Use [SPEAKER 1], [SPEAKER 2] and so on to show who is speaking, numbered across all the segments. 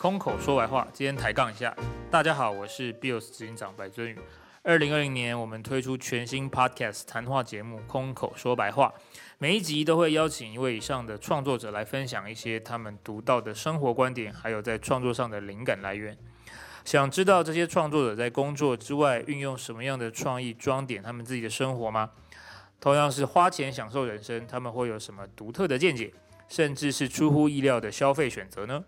[SPEAKER 1] 空口說白話，今天抬槓一下。大家好，我是 Bios 執行長白尊宇。二零二零年，我們推出全新 podcast 談話節目《空口說白話》，每一集都會邀請一位以上的創作者來分享一些他們獨到的生活觀點，還有在創作上的靈感來源。想知道這些創作者在工作之外運用什麼樣的創意裝點他們自己的生活嗎？同樣是花錢享受人生，他們會有什麼獨特的見解，甚至是出乎意料的消費選擇呢？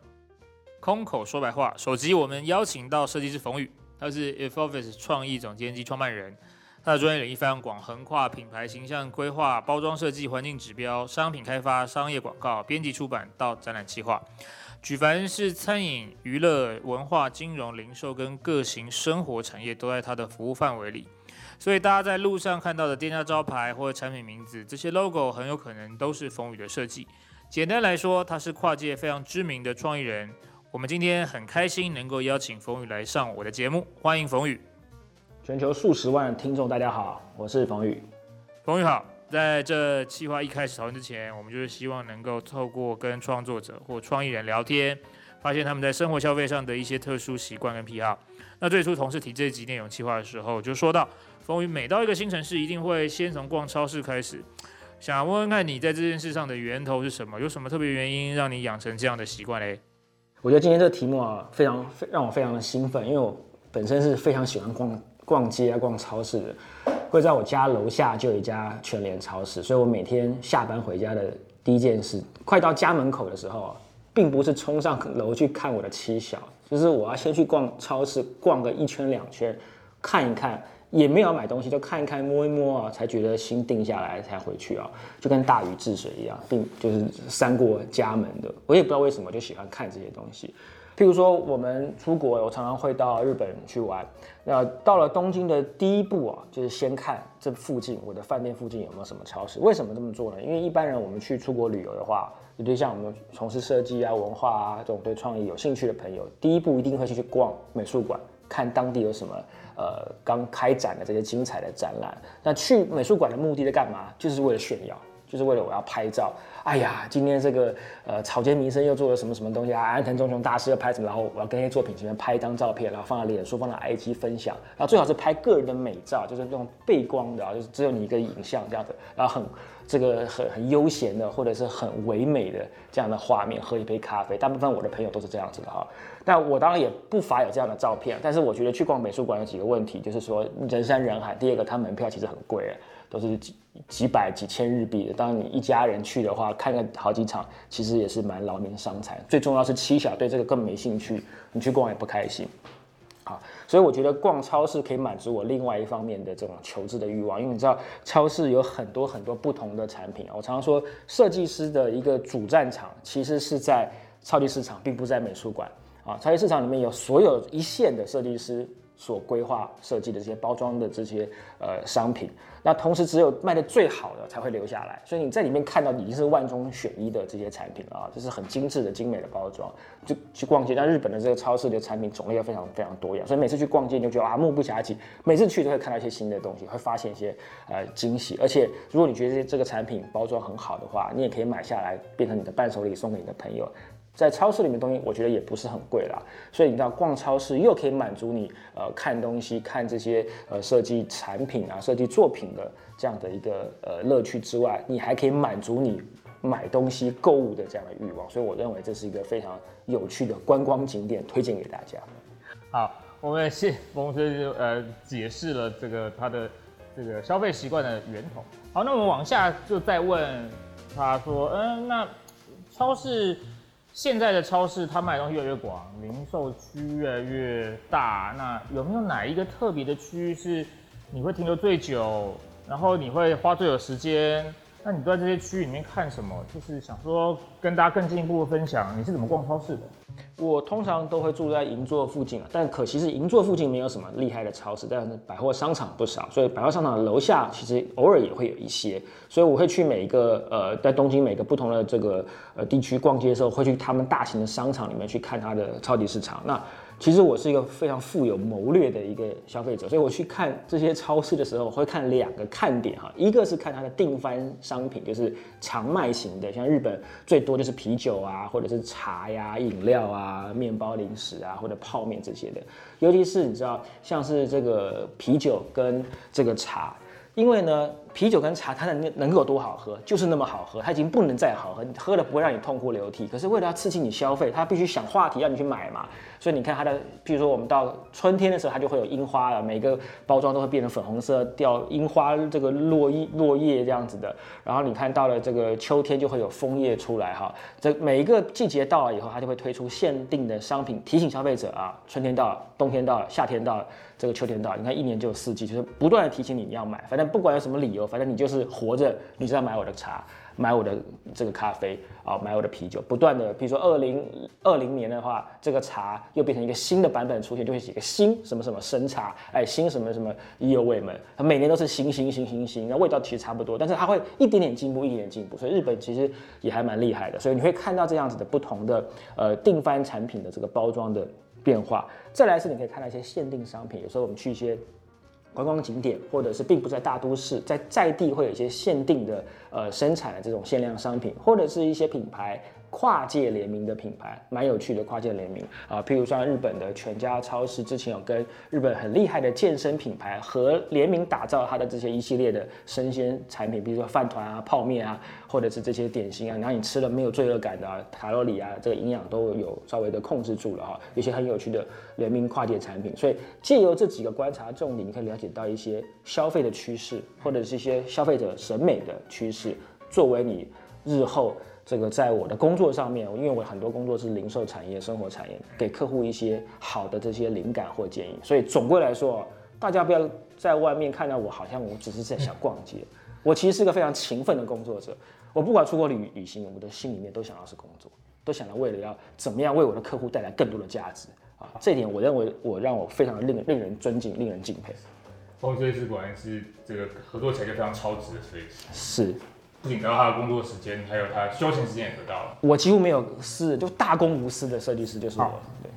[SPEAKER 1] 空口說白話，首集我們邀請到設計師馮宇，他是 If Office 創意總監及創辦人。他的專業領域非常廣，橫跨品牌形象規劃、包裝設計、環境指標、商品開發、商業廣告、編輯出版到展覽計劃。舉凡是餐飲、娛樂、文化、金融、零售跟各型生活產業，都在他的服務範圍裡。所以大家在路上看到的店家招牌或者產品名字，這些 logo 很有可能都是馮宇的設計。簡單來說，他是跨界非常知名的創意人。我們今天很開心能夠邀請馮宇來上我的節目，歡迎馮宇。全球數十萬聽眾，大家好，我是馮宇。馮宇好，在這企劃一開始討論之前，我們就是希望能夠透過跟創作者或創意人聊天，發現他們在生活消費上的一些特殊習慣跟癖好。那最初同事提這集內容企劃的時候，就說到馮宇每到一個新城市，一定會先從逛超市開始。想問問看你在這件事上的源頭是什麼？有什麼特別原因讓你養成這樣的習慣嘞？
[SPEAKER 2] 我覺得今天這個題目啊，非常非讓我非常的興奮，因為我本身是非常喜歡逛逛街啊、逛超市的。會在我家樓下就有一家全聯超市，所以我每天下班回家的第一件事，快到家門口的時候啊，並不是衝上樓去看我的妻小，就是我要先去逛超市，逛個一圈兩圈，看一看。也沒有買東西，就看一看、摸一摸啊，、喔，才覺得心定下來才回去啊、喔，就跟大禹治水一樣，定，就是三過家門的。我也不知道為什麼我就喜歡看這些東西。譬如說我們出國，我常常會到日本去玩。那到了東京的第一步啊、喔，就是先看這附近，我的飯店附近有沒有什麼超市？為什麼這麼做呢？因為一般人我們去出國旅遊的話，你就像我們從事設計啊、文化啊這種對創意有興趣的朋友，第一步一定會去逛美術館。看當地有什麼，呃，剛開展的這些精彩的展覽。那去美術館的目的在幹嘛？就是為了炫耀，就是為了我要拍照。哎呀，今天這個呃草間彌生又做了什麼什麼東西啊？安藤忠雄大師又拍什麼？然後我要跟那些作品前面拍一張照片，然後放在臉書、放在 IG 分享。然後最好是拍個人的美照，就是那種背光的，就是只有你一個影像這樣子，然後很。這個很很悠閒的，或者是很唯美的這樣的畫面，喝一杯咖啡，大部分我的朋友都是這樣子的哈。但我當然也不乏有這樣的照片，但是我覺得去逛美術館有幾個問題，就是說人山人海。第二個，它門票其實很貴，都是幾幾百幾千日幣的。當你一家人去的話，看個好幾場，其實也是蠻勞民傷財。最重要是妻小對這個更沒興趣，你去逛也不開心。啊，所以我覺得逛超市可以滿足我另外一方面的這種求知的慾望，因為你知道超市有很多很多不同的產品啊。我常常說，設計師的一個主戰場其實是在超級市場，並不在美術館啊。超級市場裡面有所有一線的設計師所規劃設計的這些包裝的這些呃商品。那同時，只有賣的最好的才會留下來，所以你在裡面看到已經是萬中選一的這些產品了，啊，就是很精緻的、精美的包裝。就去逛街，那日本的這個超市的產品種類也非常非常多樣，所以每次去逛街你就覺得啊目不暇接，每次去都會看到一些新的東西，會發現一些呃驚喜。而且如果你覺得這這個產品包裝很好的話，你也可以買下來變成你的伴手禮送給你的朋友。在超市裡面的東西我覺得也不是很貴了，所以你知道逛超市又可以滿足你呃看東西、看這些呃設計產品啊、設計作品的這樣的一個呃樂趣之外，你還可以滿足你買東西、購物的這樣的慾望，所以我認為這是一個非常有趣的觀光景點，推薦給大家。
[SPEAKER 1] 好，我們謝馮先生呃解釋了這個他的這個消費習慣的源頭。好，那我們往下就再問他說，嗯、呃，那超市現在的超市它賣東西越來越廣，零售區越來越大，那有沒有哪一個特別的區域是？你會停留最久，然後你會花最久時間。那你都在這些區域裡面看什麼？就是想說跟大家更進一步的分享你是怎麼逛超市的。我通常都會住在銀座附近啊，但可惜
[SPEAKER 2] 是銀座附近沒有什麼厲害的超市，但是百貨商場不少，所以百貨商場樓下其實偶爾也會有一些。所以我會去每一個呃，在東京每個不同的這個呃地區逛街的時候，會去他們大型的商場裡面去看它的超級市場。那其實我是一個非常富有謀略的一個消費者，所以我去看這些超市的時候，我會看兩個看點哈，一個是看它的定番商品，就是常賣型的，像日本最多就是啤酒啊，或者是茶呀、飲料啊、麵包、零食啊，或者泡麵這些的。尤其是你知道，像是這個啤酒跟這個茶，因為呢。啤酒跟茶，它的能能夠有多好喝，就是那麼好喝，它已經不能再好喝，喝了不會讓你痛哭流涕。可是為了要刺激你消費，它必須想話題要你去買嘛。所以你看它的，比如說我們到春天的時候，它就會有櫻花了，每個包裝都會變成粉紅色，掉櫻花這個落葉落葉這樣子的。然後你看到了這個秋天就會有楓葉出來哈，這每一個季節到了以後，它就會推出限定的商品，提醒消費者啊，春天到了，冬天到了，夏天到了，這個秋天到了，你看一年就有四季，就是不斷的提醒你要買，反正不管有什麼理由。反正你就是活着，你就要買我的茶，買我的這個咖啡啊，買我的啤酒，不斷的。比如說二零二零年的話，這個茶又變成一個新的版本出現，就會寫個新什麼什麼生茶，哎，新什麼什麼伊歐味們。它每年都是新新新新新，新，那味道其實差不多，但是它會一點點進步，一點點進步。所以日本其實也還蠻厲害的，所以你會看到這樣子的不同的呃定番產品的這個包裝的變化。再來是你可以看到一些限定商品，有時候我們去一些。觀光景點，或者是並不在大都市，在在地會有一些限定的，呃，生產的這種限量商品，或者是一些品牌。跨界聯名的品牌蠻有趣的，跨界聯名啊，譬如說日本的全家超市之前有跟日本很厲害的健身品牌和聯名打造它的這些一系列的生鮮產品，比如說飯糰啊、泡麵啊，或者是這些點心啊，然後你吃了沒有罪惡感的、啊、卡路里啊，這個營養都有稍微的控制住了啊，一些很有趣的聯名跨界產品。所以借由這幾個觀察重點，你可以了解到一些消費的趨勢，或者是一些消費者審美的趨勢，作為你日後。這個在我的工作上面，因為我很多工作是零售產業、生活產業，給客戶一些好的這些靈感或建議。所以總歸來說，大家不要在外面看到我，好像我只是在想逛街。我其實是一個非常勤奮的工作者。我不管出國旅旅行，我的心裡面都想要是工作，都想要為了要怎麼樣為我的客戶帶來更多的價值啊。這點我認為我讓我非常令令人尊敬、令人敬佩。這
[SPEAKER 1] 一、哦、是果然是這個合作起來就非常超值的，所以是。是不僅得到他的工作時間，還有他休閒時間也得到
[SPEAKER 2] 了。我幾乎沒有事，就大公無私的設計師就是我好
[SPEAKER 1] 對。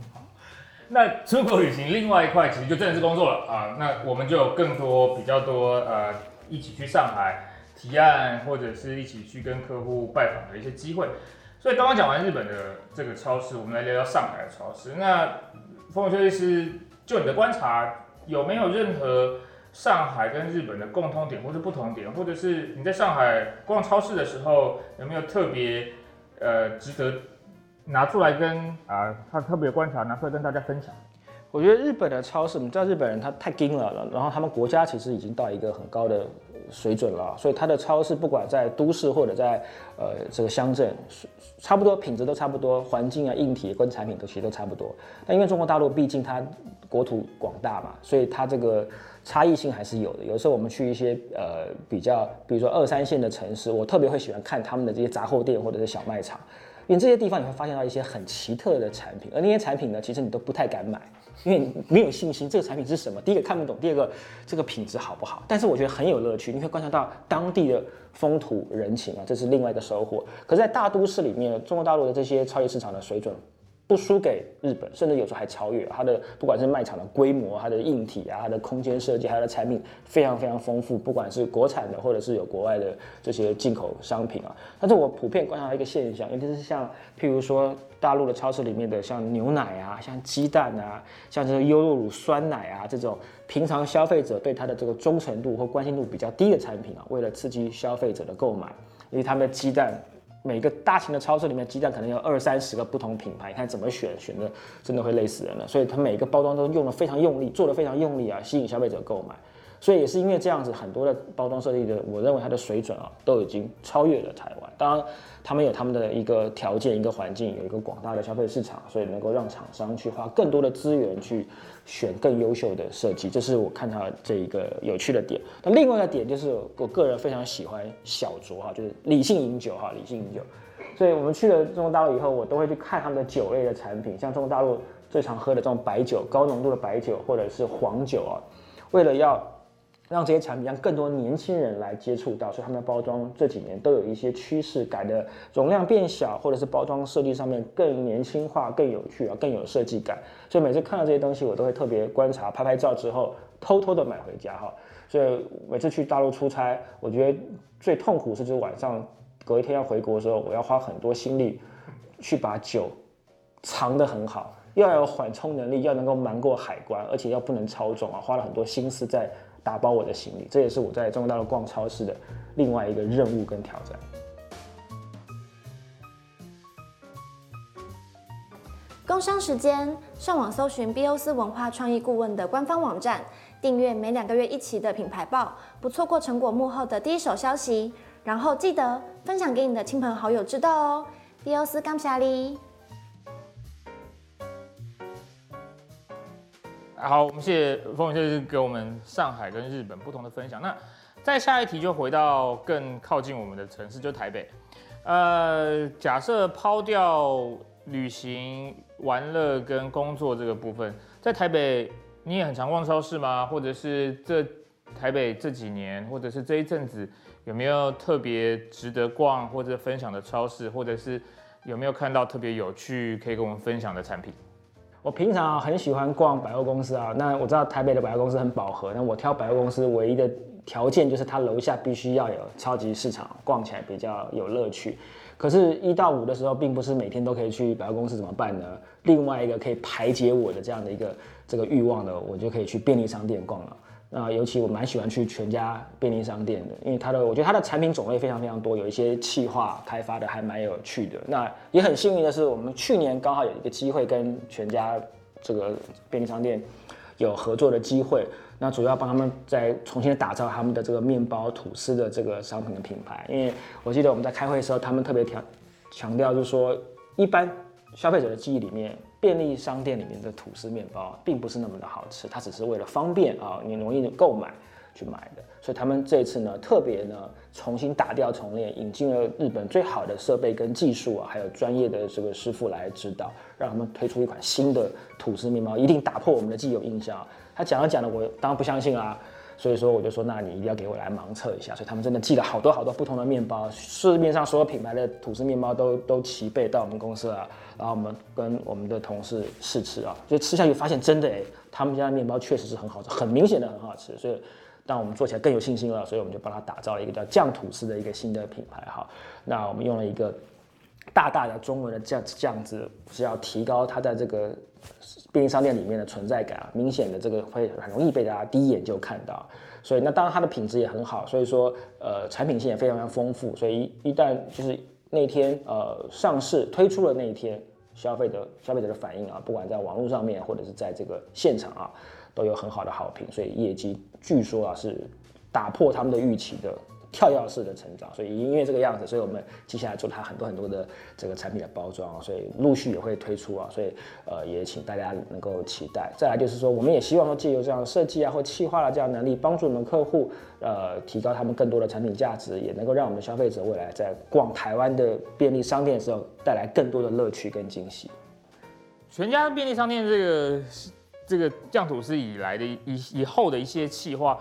[SPEAKER 1] 那出國旅行另外一塊，其實就真的是工作了啊、呃。那我們就有更多比較多呃，一起去上海提案，或者是一起去跟客戶拜訪的一些機會。所以剛剛講完日本的這個超市，我們來聊聊上海的超市。那馮宇設計師，就你的觀察，有沒有任何？上海跟日本的共通點，或是不同點，或者是你在上海逛超市的時候，有沒有特別呃值得拿出來跟啊、呃，他特別觀察拿出來跟大家分享？我覺得日
[SPEAKER 2] 本的超市，你知道日本人他太精了，然後他們國家其實已經到一個很高的。水準了，所以它的超市不管在都市或者在呃這個鄉鎮，差不多品質都差不多，環境啊、硬體跟產品都其實都差不多。但因為中國大陸畢竟它國土廣大嘛，所以它這個差異性還是有的。有時候我們去一些呃比較，比如說二三線的城市，我特別會喜歡看他們的這些雜貨店或者是小賣場，因為這些地方你會發現到一些很奇特的產品，而那些產品呢，其實你都不太敢買。因為你沒有信心，這個產品是什麼？第一個看不懂，第二個這個品質好不好？但是我覺得很有樂趣，你會觀察到當地的風土人情啊，這是另外一個收穫。可是在大都市裡面，中國大陸的這些超級市場的水準。不輸給日本，甚至有時候還超越它的，不管是賣場的規模、它的硬體啊、它的空間設計，它的產品非常非常豐富，不管是國產的或者是有國外的這些進口商品啊。但是我普遍觀察到一個現象，尤其是像譬如說大陸的超市裡面的，像牛奶啊、像雞蛋啊、像這個優酪乳、酸奶啊這種平常消費者對它的這個忠誠度或關心度比較低的產品啊，為了刺激消費者的購買，因為他們的雞蛋。每個大型的超市裡面，雞蛋可能有二三十個不同品牌。看怎麼選，選的真的會累死人了。所以它每個包裝都用的非常用力，做的非常用力啊，吸引消費者購買。所以也是因為這樣子，很多的包裝設計的，我認為它的水準啊，都已經超越了台灣。當然，他們有他們的一個條件、一個環境，有一個廣大的消費市場，所以能夠讓廠商去花更多的資源去選更優秀的設計，這是我看它這一個有趣的點。那另外一個點就是，我個人非常喜歡小酌哈、啊，就是理性飲酒哈、啊，理性飲酒。所以我們去了中國大陸以後，我都會去看他們的酒類的產品，像中國大陸最常喝的這種白酒、高濃度的白酒或者是黃酒啊，為了要。讓這些產品讓更多年輕人來接觸到，所以他們的包裝這幾年都有一些趨勢改的，容量變小，或者是包裝設計上面更年輕化、更有趣啊、更有設計感。所以每次看到這些東西，我都會特別觀察、拍拍照之後，偷偷的買回家哈。所以每次去大陸出差，我覺得最痛苦是就晚上隔一天要回國的時候，我要花很多心力去把酒藏得很好，要有緩衝能力，要能夠瞞過海關，而且要不能超重啊，花了很多心思在打包我的行李，這也是我在中國大陸逛超市的另外一個任務跟挑戰。工商時間，上網搜尋 BIOS 文化創意顧問的官方網站，訂閱每兩個月一期的品牌報，不錯過成果幕後的第一手消息。然後記得分享給你的親朋好友知道哦。BIOS 感謝你。
[SPEAKER 1] 好，我們謝謝馮宇給我們上海跟日本不同的分享。那再下一題就回到更靠近我們的城市，就台北。呃，假設拋掉旅行，玩樂跟工作這個部分，在台北你也很常逛超市嗎？或者是這台北這幾年，或者是這一陣子，有沒有特別值得逛或者分享的超市？或者是有沒有看到特別有趣可以跟我們分享的產品？
[SPEAKER 2] 我平常很喜歡逛百貨公司啊，那我知道台北的百貨公司很飽和，那我挑百貨公司唯一的條件就是它樓下必須要有超級市場，逛起來比較有樂趣。可是一到五的時候，並不是每天都可以去百貨公司，怎麼辦呢？另外一個可以排解我的這樣的一個這個慾望呢，我就可以去便利商店逛了。那尤其我蠻喜歡去全家便利商店的，因為它的，我覺得它的產品種類非常非常多，有一些企劃開發的還蠻有趣的。那也很幸運的是，我們去年剛好有一個機會跟全家這個便利商店有合作的機會，那主要幫他們在重新打造他們的這個麵包、吐司的這個商品的品牌。因為我記得我們在開會的時候，他們特別強強調，就是說一般消費者的記憶裡面。便利商店裡面的吐司麵包並不是那麼的好吃，它只是為了方便啊，你容易購買去買的。所以他們這次呢，特別呢重新打掉重練，引進了日本最好的設備跟技術啊，還有專業的這個師傅來指導，讓他們推出一款新的吐司麵包，一定打破我們的既有印象。他講着講着，我當然不相信啊。所以說我就說，那你一定要給我來盲測一下。所以他們真的寄了好多好多不同的麵包，市面上所有品牌的吐司麵包都都齊備到我們公司了。然後我們跟我們的同事試吃啊，就吃下去發現真的、欸，哎，他們家的麵包確實是很好吃，很明顯的很好吃。所以，當我們做起來更有信心了。所以我們就幫他打造了一個叫醬吐司的一個新的品牌哈。那我們用了一個大大的中文的醬醬字，是要提高它在這個。便利商店裡面的存在感啊，明顯的這個會很容易被大家第一眼就看到，所以那當然它的品質也很好，所以說呃產品線也非常非常豐富，所以一一旦就是那天呃上市推出了那一天，消費者消費者的反應啊，不管在網絡上面或者是在這個現場啊，都有很好的好評，所以業績據說啊是打破他們的預期的。跳躍式的成長，所以因為這個樣子，所以我們接下來做它很多很多的這個產品的包裝，所以陸續也會推出啊，所以呃也請大家能夠期待。再來就是說，我們也希望說借由這樣的設計啊，或企劃的這樣的能力，幫助我們客戶呃提高他們更多的產品價值，也能夠讓我們的消費者未來在逛台灣的便利商店的時候帶來更多的樂趣跟驚喜。
[SPEAKER 1] 全家便利商店這個這個醬土師以來的以以後的一些企劃。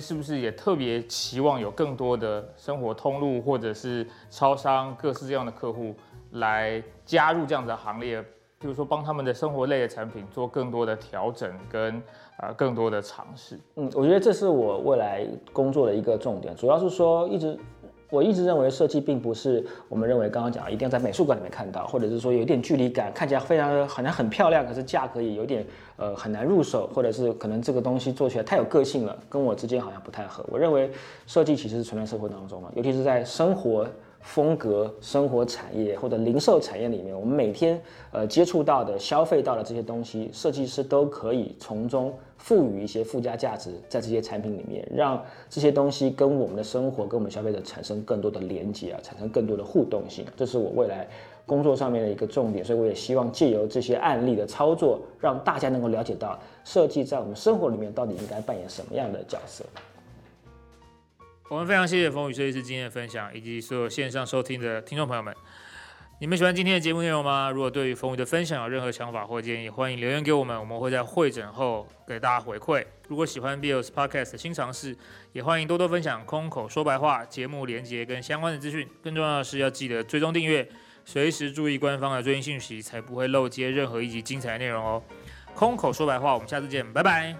[SPEAKER 1] 是不是也特別期望有更多的生活通路，或者是超商各式這樣的客戶來加入這樣的行列？比如說，幫他們的生活類的產品做更多的調整跟呃更多的嘗試。
[SPEAKER 2] 嗯，我覺得這是我未來工作的一個重點，主要是說一直。我一直認為設計並不是我們認為，剛剛講一定要在美術館裡面看到，或者是說有點距離感，看起來非常好像很漂亮，可是價格也有點呃很難入手，或者是可能這個東西做起來太有個性了，跟我之間好像不太合。我認為設計其實是存在社會當中嘛，尤其是在生活風格、生活產業或者零售產業裡面，我們每天呃接觸到的、消費到的這些東西，設計師都可以從中賦予一些附加價值，在這些產品裡面，讓這些東西跟我們的生活、跟我們消費者產生更多的連接啊，產生更多的互動性。這是我未來工作上面的一個重點，所以我也希望借由這些案例的操作，讓大家能夠了解到設計在我們生活裡面到底應該扮演什麼樣的角色。
[SPEAKER 1] 我們非常謝謝馮宇這一次今天的分享，以及所有線上收聽的聽眾朋友們。你們喜歡今天的節目內容嗎？如果對於馮宇的分享有任何想法或建議，歡迎留言給我們，我們會在會診後給大家回饋。如果喜歡 BIOS Podcast 的新嘗試，也歡迎多多分享《空口說白話》節目連結跟相關的資訊。更重要的是，要記得追蹤訂閱，隨時注意官方的最新訊息，才不會漏接任何一集精彩內容哦。空口說白話，我們下次見，拜拜。